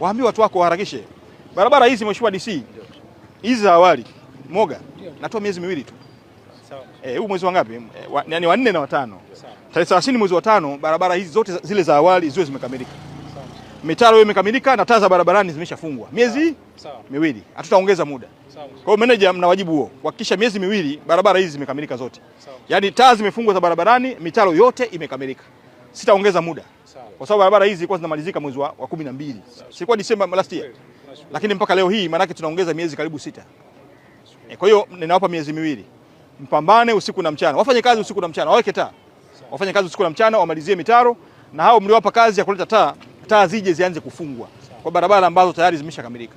waambie watu wako waharakishe barabara hizi. Mheshimiwa DC, hizi za awali Moga natoa miezi miwili tu eh, huu mwezi wa ngapi? Yaani wa nne na watano, tarehe 30 mwezi wa tano, barabara hizi zote zile za awali ziwe zimekamilika, mitaro hiyo imekamilika na taa za barabarani zimeshafungwa miezi miwili, hatutaongeza muda. Kwa hiyo manager mna wajibu huo kuhakikisha miezi miwili barabara hizi zimekamilika zote, yaani taa zimefungwa za barabarani, mitaro yote imekamilika, sitaongeza muda kwa sababu barabara hizi zilikuwa zinamalizika mwezi wa kumi na mbili, sikuwa Disemba last year, lakini mpaka leo hii maanake tunaongeza miezi karibu sita. E, kwa hiyo ninawapa miezi miwili mpambane usiku na mchana, wafanye kazi usiku na mchana, waweke taa, wafanye kazi usiku na mchana, wamalizie mitaro, na hao mliowapa kazi ya kuleta taa, taa zije zianze kufungwa kwa barabara ambazo tayari zimeshakamilika.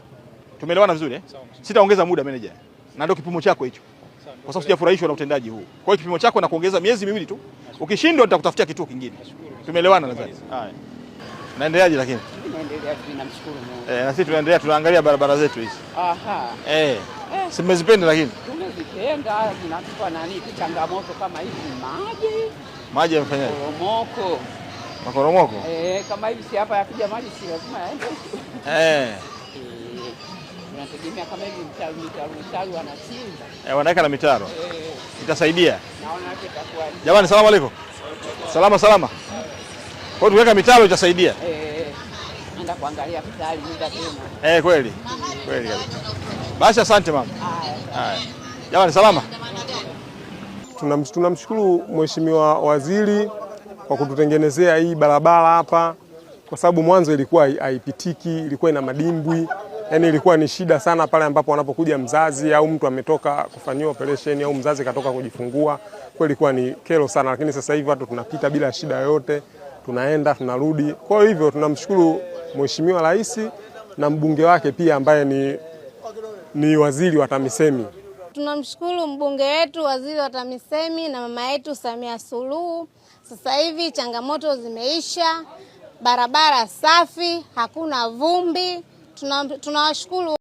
Tumeelewana vizuri eh? Sitaongeza muda manager, na ndio kipimo chako hicho kwa sababu sijafurahishwa na utendaji huu. Kwa hiyo kipimo chako na kuongeza miezi miwili tu, ukishindwa nitakutafutia kituo kingine. Tumeelewana nadhani. Haya, naendeleaje? Lakini naendelea, namshukuru Mungu. eh, na sisi tunaendelea, tunaangalia barabara zetu hizi. Aha, eh, eh. simezipenda lakini tumezipenda, zinatupa nani, changamoto kama hizi, maji maji yamefanya makoromoko makoromoko, eh, kama hivi si hapa yakija maji si lazima yaende eh inategemea kama hivi mitaro mitaro wanachimba eh, wanaweka na mitaro eh, itasaidia naona hapo itakuwa. Jamani, salamu alaykum. Salama salama. Kwa hiyo tuweka mitaro itasaidia eh, Nenda kuangalia mitaro nenda tena eh, kweli kweli kweli. Basi asante mama. Haya jamani, salama. Tunamshukuru mheshimiwa waziri kwa kututengenezea hii barabara hapa, kwa sababu mwanzo ilikuwa haipitiki, ilikuwa ina madimbwi yani ilikuwa ni shida sana pale ambapo wanapokuja mzazi au mtu ametoka kufanyiwa operation au mzazi katoka kujifungua, kwa ilikuwa ni kero sana, lakini sasa hivi watu tunapita bila shida yoyote, tunaenda tunarudi. Kwa hivyo tunamshukuru Mheshimiwa Rais na mbunge wake pia ambaye ni, ni waziri wa TAMISEMI. Tunamshukuru mbunge wetu, waziri wa TAMISEMI na mama yetu Samia Suluhu. Sasa hivi changamoto zimeisha, barabara safi, hakuna vumbi tunawashukuru tuna